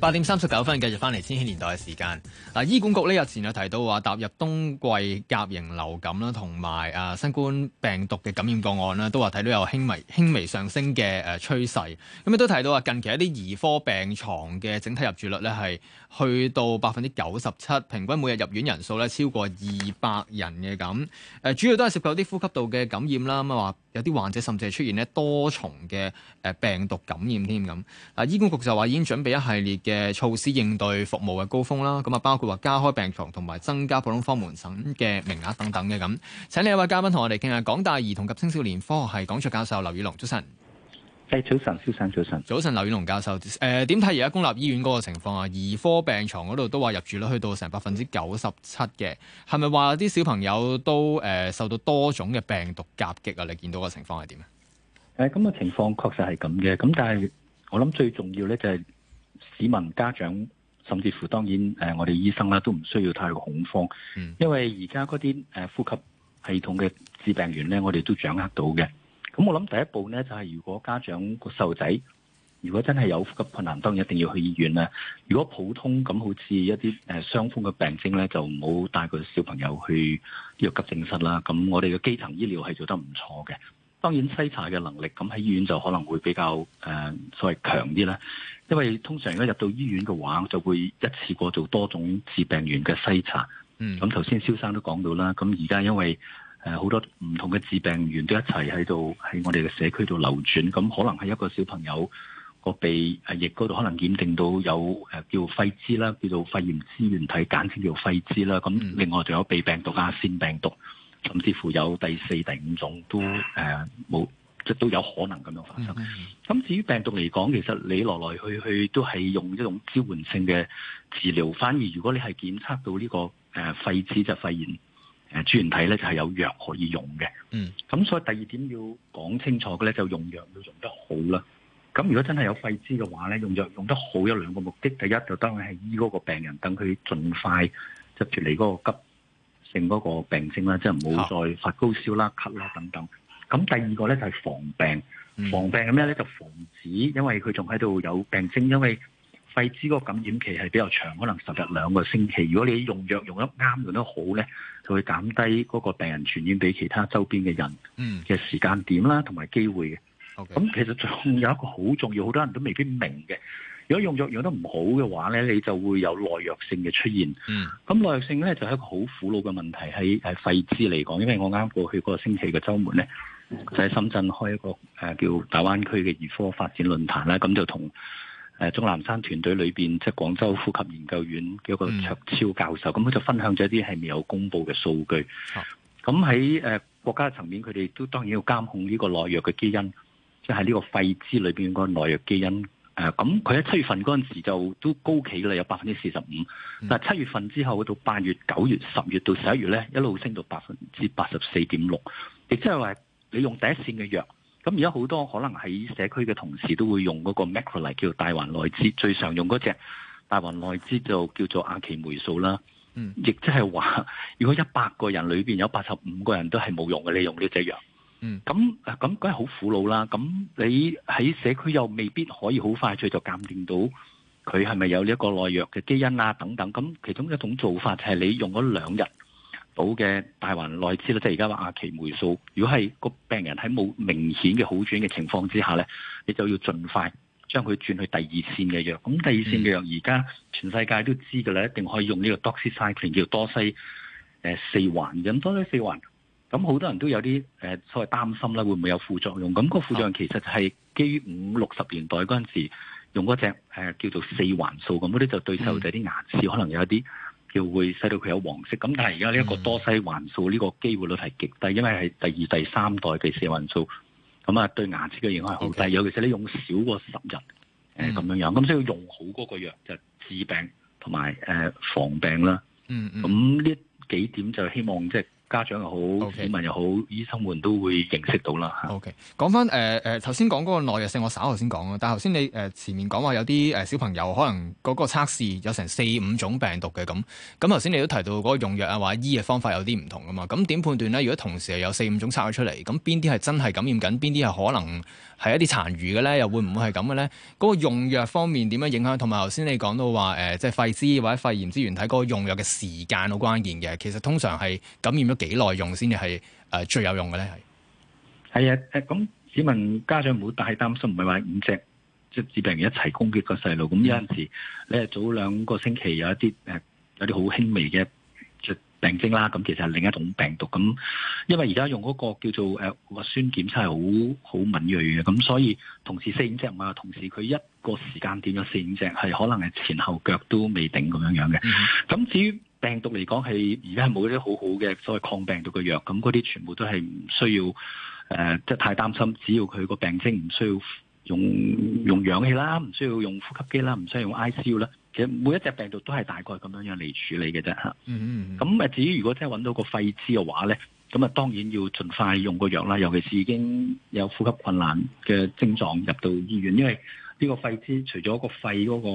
八點三十九分，繼續翻嚟《千禧年代》嘅時間。嗱，醫管局呢日前就提到話，踏入冬季，甲型流感啦，同埋啊新冠病毒嘅感染個案啦，都話睇到有輕微輕微上升嘅誒趨勢。咁亦都提到啊，近期一啲兒科病床嘅整體入住率呢係。去到百分之九十七，平均每日入院人數呢超過二百人嘅，咁，誒主要都係涉及啲呼吸道嘅感染啦，咁啊，話有啲患者甚至係出現多重嘅病毒感染添。咁。啊醫管局就話已經準備一系列嘅措施應對服務嘅高峰啦，咁啊包括話加開病床同埋增加普通科門診嘅名額等等嘅。咁。請另一位嘉賓同我哋傾下港大兒童及青少年科學系，講座教授劉宇隆先生，早晨。早晨先生，早晨，早晨。早晨，劉宇隆教授，誒、呃，點睇而家公立醫院嗰個情況啊？兒科病床嗰度都話入住率去到成百分之九十七嘅，係咪話啲小朋友都誒、呃、受到多種嘅病毒夾擊啊？你見到個情況係點啊？誒、呃，咁嘅情況確實係咁嘅，咁但係我諗最重要咧就係市民家長，甚至乎當然誒，我哋醫生咧都唔需要太恐慌，嗯、因為而家嗰啲誒呼吸系統嘅致病源咧，我哋都掌握到嘅。咁我諗第一步呢，就係、是、如果家長個細路仔，如果真係有呼吸困難，當然一定要去醫院啦。如果普通咁，好似一啲誒傷風嘅病徵呢，就唔好帶個小朋友去呢個急症室啦。咁我哋嘅基層醫療係做得唔錯嘅。當然篩查嘅能力，咁喺醫院就可能會比較誒、呃、所謂強啲啦，因為通常一入到醫院嘅話，就會一次過做多種致病源嘅篩查。嗯。咁頭先蕭生都講到啦，咁而家因為。誒、呃，好多唔同嘅致病源都一齊喺度，喺我哋嘅社區度流轉，咁可能係一個小朋友個鼻誒液嗰度可能檢定到有誒、呃、叫肺支啦，叫做肺炎支原體，簡稱叫肺支啦。咁另外仲有鼻病毒啊、腺病毒，甚至乎有第四、第五種都誒冇、呃，即都有可能咁樣發生。咁至於病毒嚟講，其實你來來去去都係用一種支援性嘅治療，反而如果你係檢測到呢個誒肺支就係、肺炎。誒，支原體咧就係有藥可以用嘅。嗯，咁所以第二點要講清楚嘅咧，就用藥要用得好啦。咁如果真係有肺炎嘅話咧，用藥用得好有兩個目的。第一就當然係醫嗰個病人，等佢盡快執住你嗰個急性嗰個病症啦，即係唔好再發高燒啦、咳啦等等。咁第二個咧就係防病，防病係咩咧就防止，因為佢仲喺度有病徵，因為。肺支嗰個感染期係比較長，可能十日兩個星期。如果你用藥用得啱，用得好咧，就會減低嗰個病人傳染俾其他周邊嘅人嘅時間點啦，同埋機會嘅。咁、mm. okay. 其實仲有一個好重要，好多人都未必明嘅。如果用藥用得唔好嘅話咧，你就會有耐藥性嘅出現。咁、mm. 耐藥性咧就係一個好苦惱嘅問題，喺喺肺支嚟講。因為我啱過去嗰個星期嘅週末咧，okay. 就喺深圳開一個誒叫大灣區嘅兒科發展論壇啦。咁就同誒鍾南山團隊裏邊，即係廣州呼吸研究院嘅一個卓超教授，咁，嗯，佢就分享咗一啲係未有公布嘅數據。咁喺誒國家層面，佢哋都當然要監控呢個耐藥嘅基因，即係呢個肺支裏邊個耐藥基因。誒，呃，咁佢喺七月份嗰陣時就都高企啦，有百分之四十五。但係七月份之後，到八月、九月、十月到十一月咧，一路升到百分之八十四點六。亦即係話，你用第一線嘅藥。咁而家好多可能喺社區嘅同事都會用嗰個 macrolide 叫大環內酯，最常用嗰隻大環內酯就叫做阿奇霉素啦。嗯，亦即係話，如果一百個人裏邊有八十五個人都係冇用嘅，你用呢隻藥，嗯，咁咁梗係好苦惱啦。咁你喺社區又未必可以好快脆就鑑定到佢係咪有呢一個耐藥嘅基因啦、啊、等等。咁其中一種做法就係你用咗兩日。好嘅大環內酯啦，即係而家話阿奇霉素。如果係個病人喺冇明顯嘅好轉嘅情況之下咧，你就要盡快將佢轉去第二線嘅藥。咁第二線嘅藥而家全世界都知㗎啦，一定可以用呢個 doxycycline 叫多西四環。多西四環。咁好多人都有啲所謂擔心啦，會唔會有副作用？咁個副作用其實就係基於五六十年代嗰陣時用嗰隻叫做四環素咁嗰啲，就對細路仔啲牙齒可能有一啲。叫會使到佢有黃色，咁但係而家呢一個多西環素呢個機會率係極低，因為係第二第三代嘅四環素，咁啊對牙齒嘅影響係好低，okay. 尤其是你用少過十日，誒咁樣樣，咁所以用好嗰個藥就治、是、病同埋誒防病啦。嗯咁、嗯、呢幾點就希望即係。家長又好，okay. 市民又好，醫生們都會認識到啦。OK，講翻誒誒，頭先講嗰個耐藥性，我稍後先講啊。但係頭先你誒、呃、前面講話有啲誒、呃、小朋友，可能嗰、那個測試、那個、有成四五種病毒嘅咁。咁頭先你都提到嗰個用藥啊，或者醫藥方法有啲唔同噶嘛。咁點判斷咧？如果同時有四五種測咗出嚟，咁邊啲係真係感染緊，邊啲係可能係一啲殘餘嘅咧？又會唔會係咁嘅咧？嗰、那個用藥方面點樣影響？同埋頭先你講到話誒，即、呃、係、就是、肺支或者肺炎支原體，睇、那、嗰個用藥嘅時間好關鍵嘅。其實通常係感染咗。幾耐用先至係誒最有用嘅咧？係係啊誒，咁市民家長唔好太擔心，唔係話五隻即係致病源一齊攻擊個細路。咁、嗯、有陣時你係、呃、早兩個星期有一啲誒、呃、有啲好輕微嘅病徵啦。咁、啊、其實係另一種病毒。咁因為而家用嗰個叫做誒、呃、核酸檢測係好好敏銳嘅。咁所以同時四五隻，唔係話同時佢一個時間點咗四五隻，係可能係前後腳都未定咁樣樣嘅。咁、嗯、至於。病毒嚟講係而家係冇啲好好嘅所謂抗病毒嘅藥，咁嗰啲全部都係唔需要誒、呃，即係太擔心。只要佢個病徵唔需要用用氧氣啦，唔需要用呼吸機啦，唔需要用 ICU 啦。其實每一隻病毒都係大概咁樣樣嚟處理嘅啫嚇。嗯嗯，嗯。咁啊，至於如果真係揾到個肺支嘅話咧，咁啊當然要盡快用個藥啦。尤其是已經有呼吸困難嘅症狀入到醫院，因為呢個肺支除咗個肺嗰個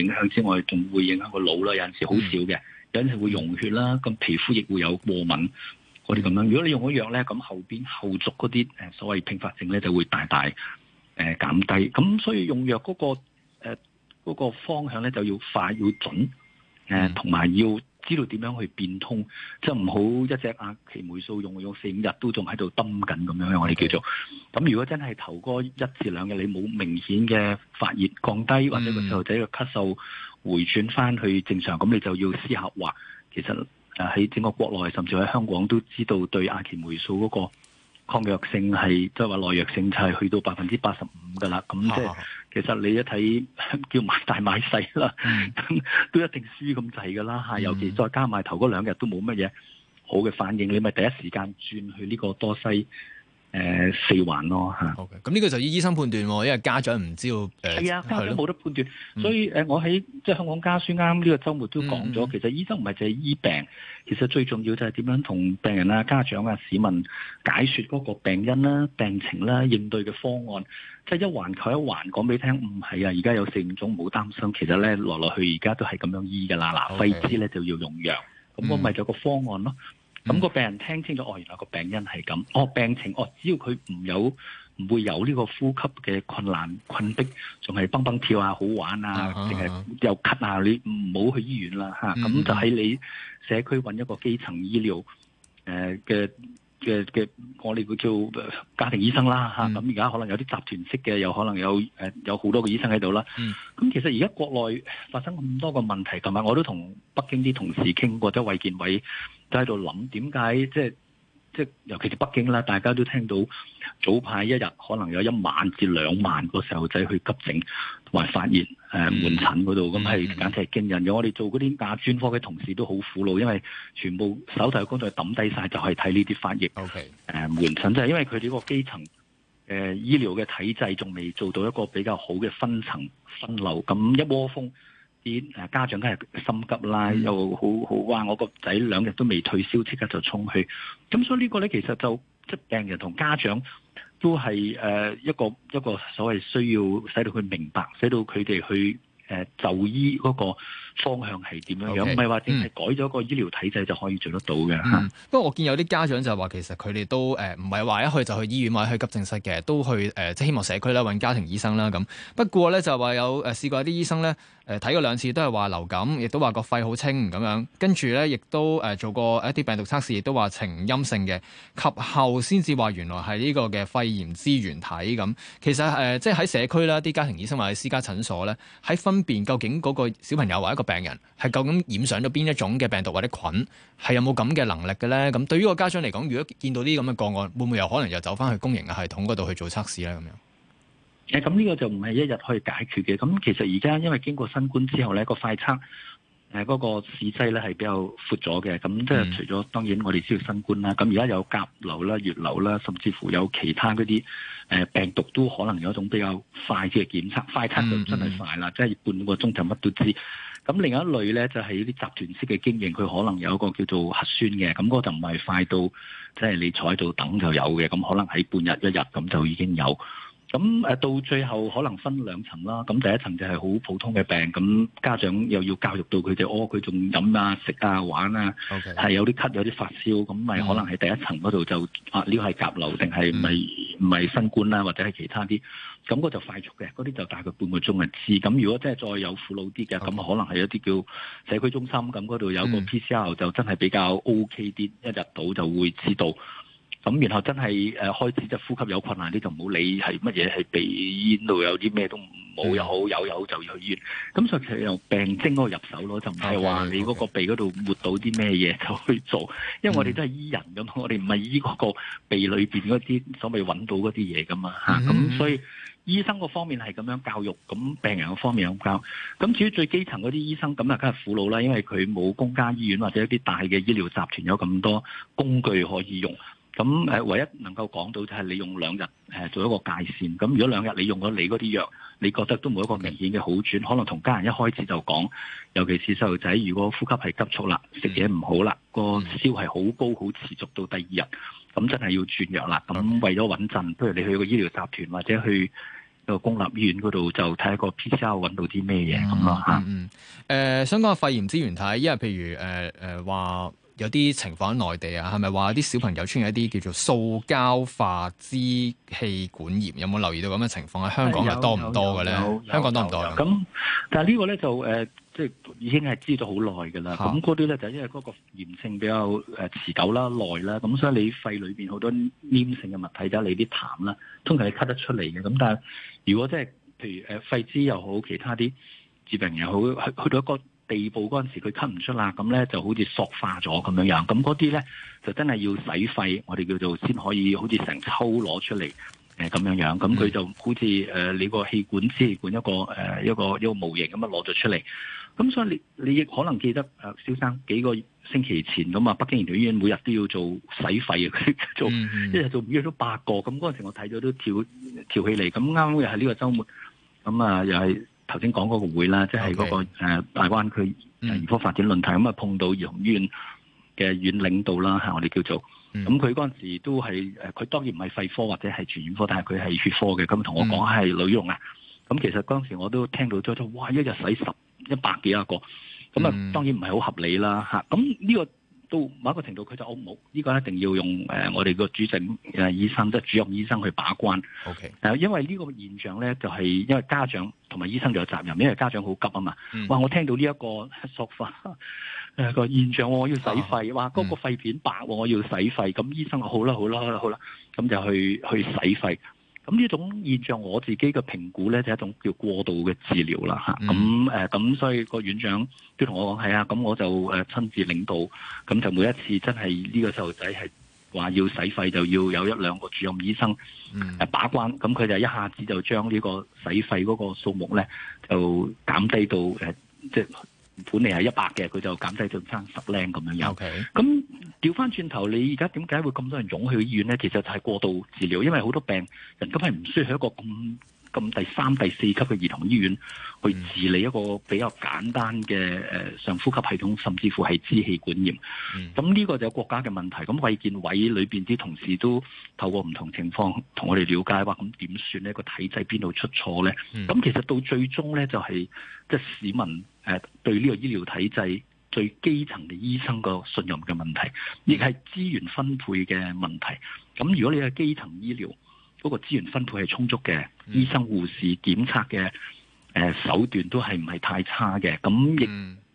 影響之外，仲會影響個腦啦。有陣時好少嘅。嗯緊係會溶血啦，咁皮膚亦會有過敏，嗰啲咁樣。如果你用咗藥咧，咁後邊後續嗰啲誒所謂併發症咧，就會大大誒、呃、減低。咁所以用藥嗰、嗰個誒、呃嗰個、方向咧，就要快要準，誒同埋要知道點樣去變通，嗯、即係唔好一隻阿奇霉素用用四五日都仲喺度蹲緊咁樣，我哋叫做。咁如果真係頭嗰一至兩日你冇明顯嘅發熱降低，或者個細路仔嘅咳嗽回轉翻去正常，咁你就要思考話，其實喺整個國內甚至喺香港都知道對阿奇霉素嗰個抗藥性係即係話耐藥性就係去到百分之八十五噶啦，咁即係其實你一睇叫買大買細啦、嗯，都一定輸咁滯噶啦吓，尤其再加埋頭嗰兩日都冇乜嘢好嘅反應，你咪第一時間轉去呢個多西。誒、呃、四環咯咁呢、okay, 嗯這個就依醫生判斷，因為家長唔知道，係、呃、啊，家長冇得判斷、嗯，所以我喺即係香港家書啱呢個周末都講咗、嗯，其實醫生唔係凈係醫病，其實最重要就係點樣同病人啊、家長啊、市民解説嗰個病因啦、病情啦、應對嘅方案，即、就、係、是、一環扣一環講俾聽。唔係啊，而家有四五,五種，冇擔心，其實咧來來去而家都係咁樣醫噶啦，嗱、嗯，肺炎咧就要用藥，咁我咪就個方案咯。咁、嗯，那個病人聽清楚，哦，原來個病因係咁，哦，病情，哦，只要佢唔有唔會有呢個呼吸嘅困難困迫，仲係蹦蹦跳啊，好玩啊，定、啊、係、啊啊啊、又咳啊，你唔好、嗯嗯、去醫院啦嚇。咁、嗯、就喺你社區揾一個基層醫療、呃、嘅嘅嘅，我哋叫家庭醫生啦嚇。咁而家可能有啲集團式嘅，有可能有、呃、有好多個醫生喺度啦。咁、嗯、其實而家國內發生咁多個問題同埋，我都同北京啲同事傾過，即係衞健委。喺度諗點解即係即係，尤其是北京啦，大家都聽到早排一日可能有一萬至兩萬個細路仔去急症同埋發熱誒門診嗰度。咁、嗯、係簡直係驚人嘅。嗯、我哋做嗰啲亞專科嘅同事都好苦惱，因為全部手提工作抌低晒就係睇呢啲發熱、誒門診，即、okay. 係因為佢哋個基層誒、呃、醫療嘅體制仲未做到一個比較好嘅分層分流，咁一窩蜂。啲家長都係心急啦，又好好話我個仔兩日都未退燒，即刻就衝去。咁所以個呢個咧其實就即係病人同家長都係誒一個一個所謂需要使到佢明白，使到佢哋去誒就醫嗰個方向係點樣樣，唔係話淨係改咗個醫療體制就可以做得到嘅。不、嗯、過、啊嗯、我見有啲家長就話其實佢哋都誒唔係話一去就去醫院或者去急症室嘅，都去誒、呃、即係希望社區咧揾家庭醫生啦。咁不過咧就話有誒、呃、試過有啲醫生咧。誒睇過兩次都係話流感，亦都話個肺好清咁樣，跟住咧亦都做過一啲病毒測試，亦都話呈陰性嘅，及後先至話原來係呢個嘅肺炎支原體咁。其實即係喺社區啦，啲家庭醫生或者私家診所咧，喺分辨究竟嗰個小朋友或者一個病人係究竟染上咗邊一種嘅病毒或者菌，係有冇咁嘅能力嘅咧？咁對於個家長嚟講，如果見到啲咁嘅個案，會唔會又可能又走翻去公營嘅系統嗰度去做測試咧？咁誒，咁呢個就唔係一日可以解決嘅。咁其實而家因為經過新冠之後咧，嗯嗯嗯後那個快測，嗰、那個市勢咧係比較闊咗嘅。咁即係除咗當然我哋知道新冠啦，咁而家有甲流啦、乙流啦，甚至乎有其他嗰啲病毒都可能有一種比較快啲嘅檢測。嗯嗯快測就真係快啦，即、就、係、是、半個鐘就乜都知。咁另一類咧就係一啲集團式嘅經營，佢可能有一個叫做核酸嘅，咁、那、嗰個就唔係快到即係、就是、你坐喺度等就有嘅。咁可能喺半日一日咁就已經有。咁誒到最後可能分兩層啦。咁第一層就係好普通嘅病，咁家長又要教育到佢哋屙，佢仲飲啊食啊玩啊，係、okay. 有啲咳有啲發燒，咁、嗯、咪可能喺第一層嗰度就啊，呢個係甲流定係咪唔係新冠啦，或者係其他啲。咁、嗯、嗰、那個、就快速嘅，嗰、那、啲、個、就大概半、那個鐘嘅次。咁如果真係再有苦惱啲嘅，咁、嗯那個、可能係一啲叫社區中心咁嗰度有個 PCR 就真係比較 OK 啲，一入到就會知道。咁，然後真係誒開始就呼吸有困難，你就唔好理係乜嘢，係鼻咽度有啲咩都冇、嗯、有有有就要去醫院。咁所以其實由病徵嗰度入手咯，就唔係話你嗰個鼻嗰度抹到啲咩嘢就去做，因為我哋都係醫人咁、嗯，我哋唔係醫嗰個鼻裏邊嗰啲所謂揾到嗰啲嘢噶嘛嚇。咁所以醫生嗰方面係咁樣教育，咁病人嗰方面咁教。咁至於最基層嗰啲醫生咁啊，梗係苦惱啦，因為佢冇公家醫院或者一啲大嘅醫療集團有咁多工具可以用。咁誒唯一能夠講到就係你用兩日誒做一個界線。咁如果兩日你用咗你嗰啲藥，你覺得都冇一個明顯嘅好轉，嗯、可能同家人一開始就講，尤其是細路仔，如果呼吸係急促啦，食嘢唔好啦，嗯，個燒係好高，好持續到第二日，咁真係要轉藥啦，咁為咗穩陣，不如你去個醫療集團或者去個公立醫院嗰度就睇下個 PCR 揾到啲咩嘢咁咯嚇。嗯嗯。想、講、下、呃、肺炎支原體，因為譬如誒誒、呃呃話有啲情況喺內地啊，係咪話啲小朋友出現一啲叫做塑膠化支氣管炎？有冇留意到咁嘅情況？喺香港係多唔多嘅咧？香港多唔多的？咁、嗯、但係呢個咧就誒，即、呃、係已經係知道好耐嘅啦。咁嗰啲咧就因為嗰個炎性比較誒持久啦、耐啦，咁所以你肺裏邊好多黏性嘅物體，就係你啲痰啦，通常係咳得出嚟嘅。咁但係如果即、就、係、是、譬如誒肺支又好，其他啲疾病又好，去去到一個地步嗰陣時佢咳唔出啦，咁咧就好似塑化咗咁樣樣，咁嗰啲咧就真係要洗肺，我哋叫做先可以好似成抽攞出嚟，誒咁樣樣，咁佢就好似誒、呃、你個氣管支氣管一個誒、呃、一個一個模型咁樣攞咗出嚟，咁所以你你亦可能記得蕭、呃、生幾個星期前咁啊，北京兒童醫院每日都要做洗肺啊，做、mm -hmm. 一日做約咗八個，咁嗰陣時我睇咗都跳跳起嚟，咁啱又係呢個周末，咁啊又係。Mm -hmm. 頭先講嗰個會啦，即係嗰個大灣區兒科發展論壇，咁、okay. 啊、mm. 碰到陽院嘅院領導啦，我哋叫做，咁佢嗰陣時都係佢當然唔係肺科或者係傳染科，但係佢係血科嘅，咁同我講係女用啊，咁、mm. 其實當時我都聽到咗，咗哇一日使十一百幾啊個，咁啊當然唔係好合理啦咁呢個。到某一個程度，佢就我冇呢、這個一定要用誒、呃、我哋個主診誒醫生即係主任醫生去把關。OK，誒、呃、因為呢個現象咧，就係、是、因為家長同埋醫生就有責任，因為家長好急啊嘛、嗯。哇！我聽到呢、這、一個索化誒個、呃、現象，我要洗肺。Oh. 哇！嗰、那個肺片白，我要洗肺。咁醫生話好啦，好啦，好啦，好啦，咁就去去洗肺。咁呢種現象，我自己嘅評估呢，就一種叫過度嘅治療啦嚇。咁誒咁，所以個院長都同我講係啊，咁我就誒親自領導，咁就每一次真係呢個細路仔係話要洗肺，就要有一兩個主任醫生把關。咁、嗯、佢就一下子就將呢個洗肺嗰個數目呢，就減低到即係、就是、本嚟係一百嘅，佢就減低到三十靚咁樣樣。咁、okay. 調返轉頭，你而家點解會咁多人湧去醫院呢？其實就係過度治療，因為好多病人根本唔需要去一個咁咁第三、第四級嘅兒童醫院去治理一個比較簡單嘅誒上呼吸系統，甚至乎係支氣管炎。咁、嗯、呢個就係國家嘅問題。咁衛健委裏邊啲同事都透過唔同情況同我哋了解，話咁點算呢？個體制邊度出錯呢？咁、嗯、其實到最終呢，就係即係市民誒對呢個醫療體制。最基層嘅醫生個信任嘅問題，亦係資源分配嘅問題。咁如果你嘅基層醫療嗰個資源分配係充足嘅，醫生護士檢測嘅誒手段都係唔係太差嘅，咁亦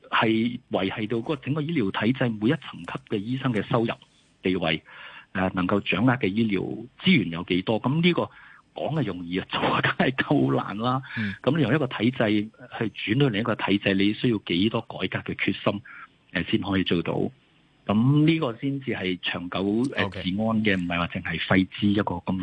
係維繫到嗰個整個醫療體制每一層級嘅醫生嘅收入地位誒、呃，能夠掌握嘅醫療資源有幾多？咁呢個。講嘅容易啊，做梗係夠難啦。咁、嗯、你由一個體制去轉到另一個體制，你需要幾多改革嘅決心，誒先可以做到？咁、嗯、呢、這個先至係長久治安嘅，唔係話淨係肺支一個咁，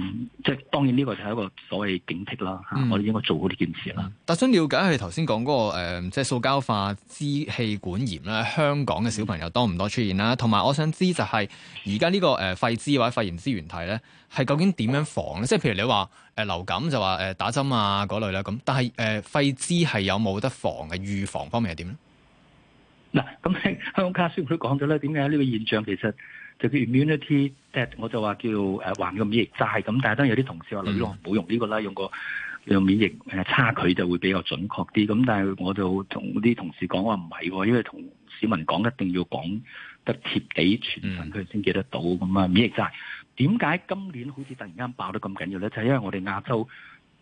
即係當然呢個就係一個所謂警惕啦。嗯、我哋應該做好呢件事啦。但想了解佢頭先講嗰個、呃、即係塑膠化支氣管炎啦，香港嘅小朋友多唔多出現啦？同、嗯、埋我想知就係而家呢個誒肺支或者肺炎支原體咧，係究竟點樣防咧？即係譬如你話、呃、流感就話打針啊嗰類啦咁，但係誒肺支係有冇得防嘅？預防方面係點咧？嗱、嗯，咁香港卡司佢講咗咧，點解呢個現象其實就叫 immunity debt？我就話叫誒還個免疫債咁。但係當然有啲同事話，宇隆唔好用呢個啦，用個用免疫差距就會比較準確啲。咁但係我就同啲同事講話唔係，因為同市民講一定要講得貼地全、全、嗯、面，佢、嗯、先記得到咁啊、嗯。免疫債點解今年好似突然間爆得咁緊要咧？就係、因為我哋亞洲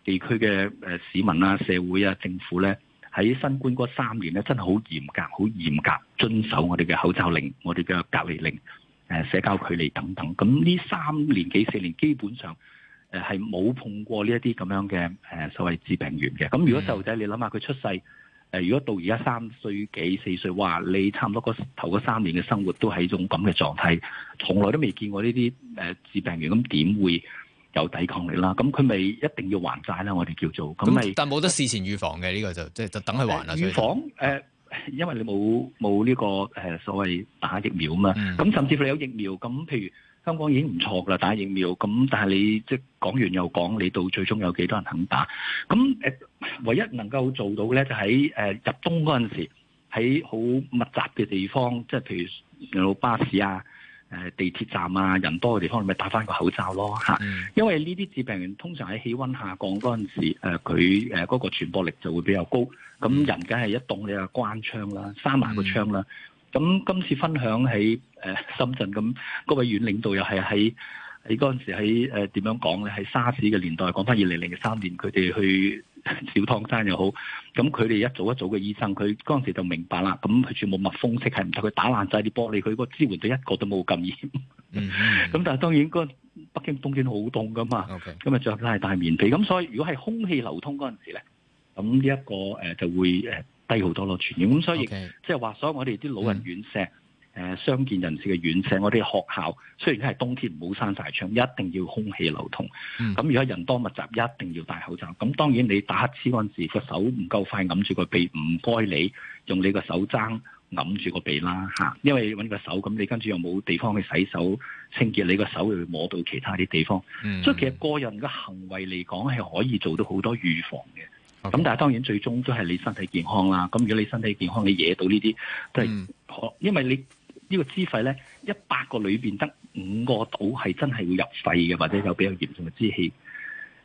地區嘅市民啊、社會啊、政府咧。喺新冠嗰三年咧，真係好嚴格，好嚴格遵守我哋嘅口罩令、我哋嘅隔離令、誒社交距離等等。咁呢三年幾四年，基本上誒係冇碰過呢一啲咁樣嘅誒、呃、所謂的致病源嘅。咁如果細路仔，你諗下佢出世，誒、呃、如果到而家三歲幾四歲，哇！你差唔多個頭個三年嘅生活都係一種咁嘅狀態，從來都未見過呢啲誒致病源，咁點會？有抵抗力啦，咁佢咪一定要還債啦？我哋叫做咁咪，但冇得事前預防嘅呢、呢個就即係就等佢還啦。預防、呃、因為你冇冇呢個、呃、所謂打疫苗啊嘛。咁、嗯、甚至乎你有疫苗，咁譬如香港已經唔錯噶啦，打疫苗。咁但係你即係講完又講，你到最終有幾多人肯打？咁、呃、唯一能夠做到咧，就、呃、喺入冬嗰陣時，喺好密集嘅地方，即係譬如巴士啊。誒地鐵站啊，人多嘅地方，你咪戴翻個口罩咯。嗯、因為呢啲致病源通常喺氣温下降嗰陣時，佢誒嗰個傳播力就會比較高。咁、嗯、人梗係一凍你就關窗啦，閂埋個窗啦。咁、嗯、今次分享喺深圳咁，各位院領導又係喺。你嗰陣時喺誒點樣講咧？喺沙士嘅年代講翻，二零零三年佢哋去小湯山又好，咁佢哋一組一組嘅醫生，佢嗰陣時就明白啦。咁佢全部密封式係唔使佢打爛晒啲玻璃，佢個支援就一個都冇感染。嗯。咁但係當然北京冬天好凍噶嘛，咁咪著拉大棉被。咁所以如果係空氣流通嗰陣時咧，咁呢一個誒、呃、就會誒低好多咯傳染。咁所以即係話，所、okay. 以我哋啲老人院舍、mm -hmm。誒，相見人士嘅遠射，我哋學校雖然而係冬天唔好閂晒窗，一定要空氣流通。咁、嗯、如果人多密集，一定要戴口罩。咁當然你打乞嗤嗰陣時，個手唔夠快揞住個鼻，唔該你用你個手踭揞住個鼻啦吓，因為揾個手咁，你跟住又冇地方去洗手清潔你手，你個手去摸到其他啲地方、嗯。所以其實個人嘅行為嚟講係可以做到好多預防嘅。咁、嗯、但係當然最終都係你身體健康啦。咁如果你身體健康，你惹到呢啲都係可，因為你。這個、資費呢100個支肺咧，一百個裏邊得五個倒係真係會入肺嘅，或者有比較嚴重嘅支氣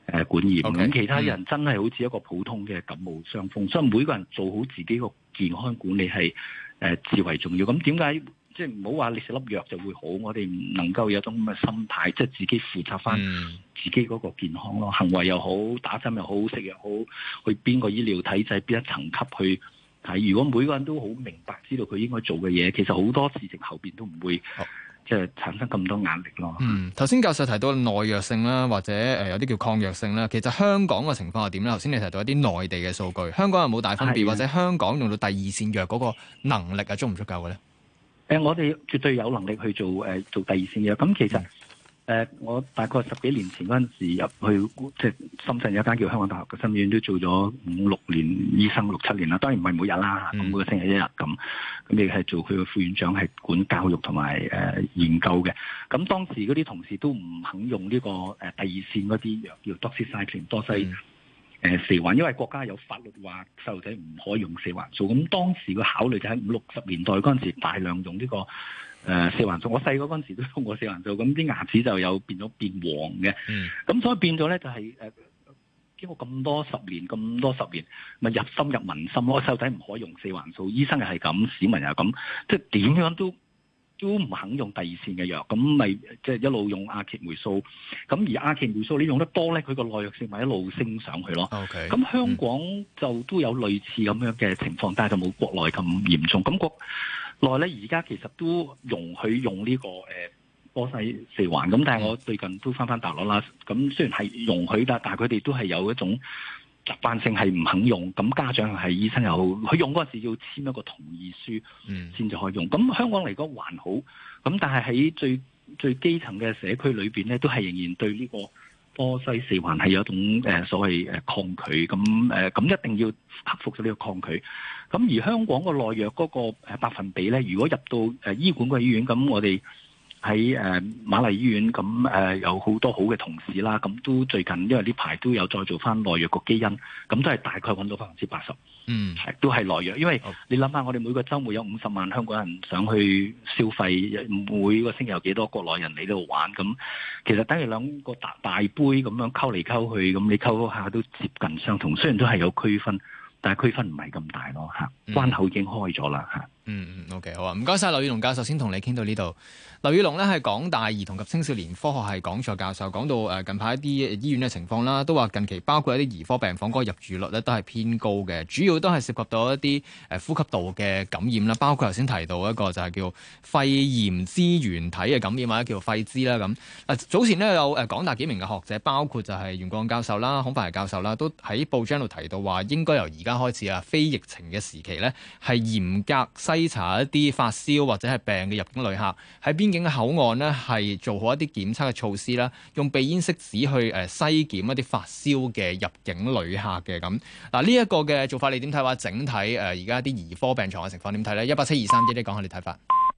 誒管炎。咁、okay, 其他人真係好似一個普通嘅感冒傷風、嗯，所以每個人做好自己個健康管理係誒至為重要。咁點解即係唔好話你食粒藥就會好？我哋唔能夠有一種咁嘅心態，即、就、係、是、自己負責返自己嗰個健康咯、嗯。行為又好，打針又好，食又好，去邊個醫療體制、邊一層級去？係，如果每個人都好明白知道佢應該做嘅嘢，其實好多事情後面都唔會即係產生咁多壓力咯。嗯，頭先教授提到耐藥性啦，或者、呃、有啲叫抗藥性啦，其實香港嘅情況係點咧？頭先你提到一啲內地嘅數據，香港有冇大分別，或者香港用到第二線藥嗰個能力係足唔足夠嘅咧？呃、我哋絕對有能力去做、呃、做第二線藥，咁其實。嗯誒，我大概十幾年前嗰陣時入去，即係深圳有一間叫香港大學嘅新院，都做咗五六年醫生，六七年啦。當然唔係每日啦，咁每個星期一日咁。咁亦係做佢嘅副院長，係管教育同埋誒研究嘅。咁當時嗰啲同事都唔肯用呢個誒第二線嗰啲藥，叫多西噻片、多西誒四環，因為國家有法律話細路仔唔可以用四環素。咁當時嘅考慮就喺五六十年代嗰陣時大量用呢個。誒、呃，四環素，我細個嗰陣時都用過四環素，咁啲牙齒就有變咗變黃嘅，咁、嗯、所以變咗咧就係、是、誒、呃，經過咁多十年，咁多十年，咪入心入民心咯，細路仔唔可以用四環素，醫生又係咁，市民又係咁，即係點樣都。嗯都唔肯用第二線嘅藥，咁咪即係一路用阿奇霉素。咁而阿奇霉素你用得多咧，佢個耐藥性咪一路升上去咯。咁、okay. 香港就都有類似咁樣嘅情況，mm. 但係就冇國內咁嚴重。咁國內咧而家其實都容許用呢、呢個、呃、波西四環，咁但係我最近都翻返大陸啦。咁雖然係容許啦，但係佢哋都係有一種。習慣性係唔肯用，咁家長係醫生又好。佢用嗰陣時要簽一個同意書，先至可以用。咁、mm. 香港嚟講還好，咁但係喺最最基層嘅社區裏邊咧，都係仍然對呢個波西四環係有一種誒、呃、所謂誒抗拒。咁誒咁一定要克服咗呢個抗拒。咁而香港個內藥嗰個百分比咧，如果入到誒醫管局嘅醫院，咁我哋。喺誒瑪麗醫院咁誒、呃、有好多好嘅同事啦，咁都最近因為呢排都有再做翻耐藥個基因，咁都係大概搵到百分之八十，嗯，都係耐藥。因為你諗下，我哋每個週末有五十萬香港人想去消費，每個星期有幾多國內人嚟度玩？咁其實等於兩個大，大杯咁樣溝嚟溝去，咁你溝下都接近相同。雖然都係有區分，但係區分唔係咁大咯，嚇。關口已經開咗啦。嗯，OK，嗯好啊，唔該晒。劉宇隆教授，先同你傾到呢度。劉宇隆咧係港大兒童及青少年科學系講座教授，講到誒近排一啲醫院嘅情況啦，都話近期包括一啲兒科病房嗰個入住率咧都係偏高嘅，主要都係涉及到一啲誒呼吸道嘅感染啦，包括頭先提到一個就係叫肺炎支原體嘅感染或者叫肺支啦咁。啊早前咧有誒港大幾名嘅學者，包括就係袁國勇教授啦、孔繁毅教授啦，都喺報章度提到話應該由而家開始啊，非疫情嘅時期咧係嚴格篩查一啲發燒或者係病嘅入境旅客，喺邊境嘅口岸呢，係做好一啲檢測嘅措施啦，用鼻咽拭子去誒篩檢一啲發燒嘅入境旅客嘅咁。嗱呢一個嘅做法你點睇？話整體誒而家啲兒科病床嘅情況點睇呢？1723, 一八七二三一，你講下你睇法。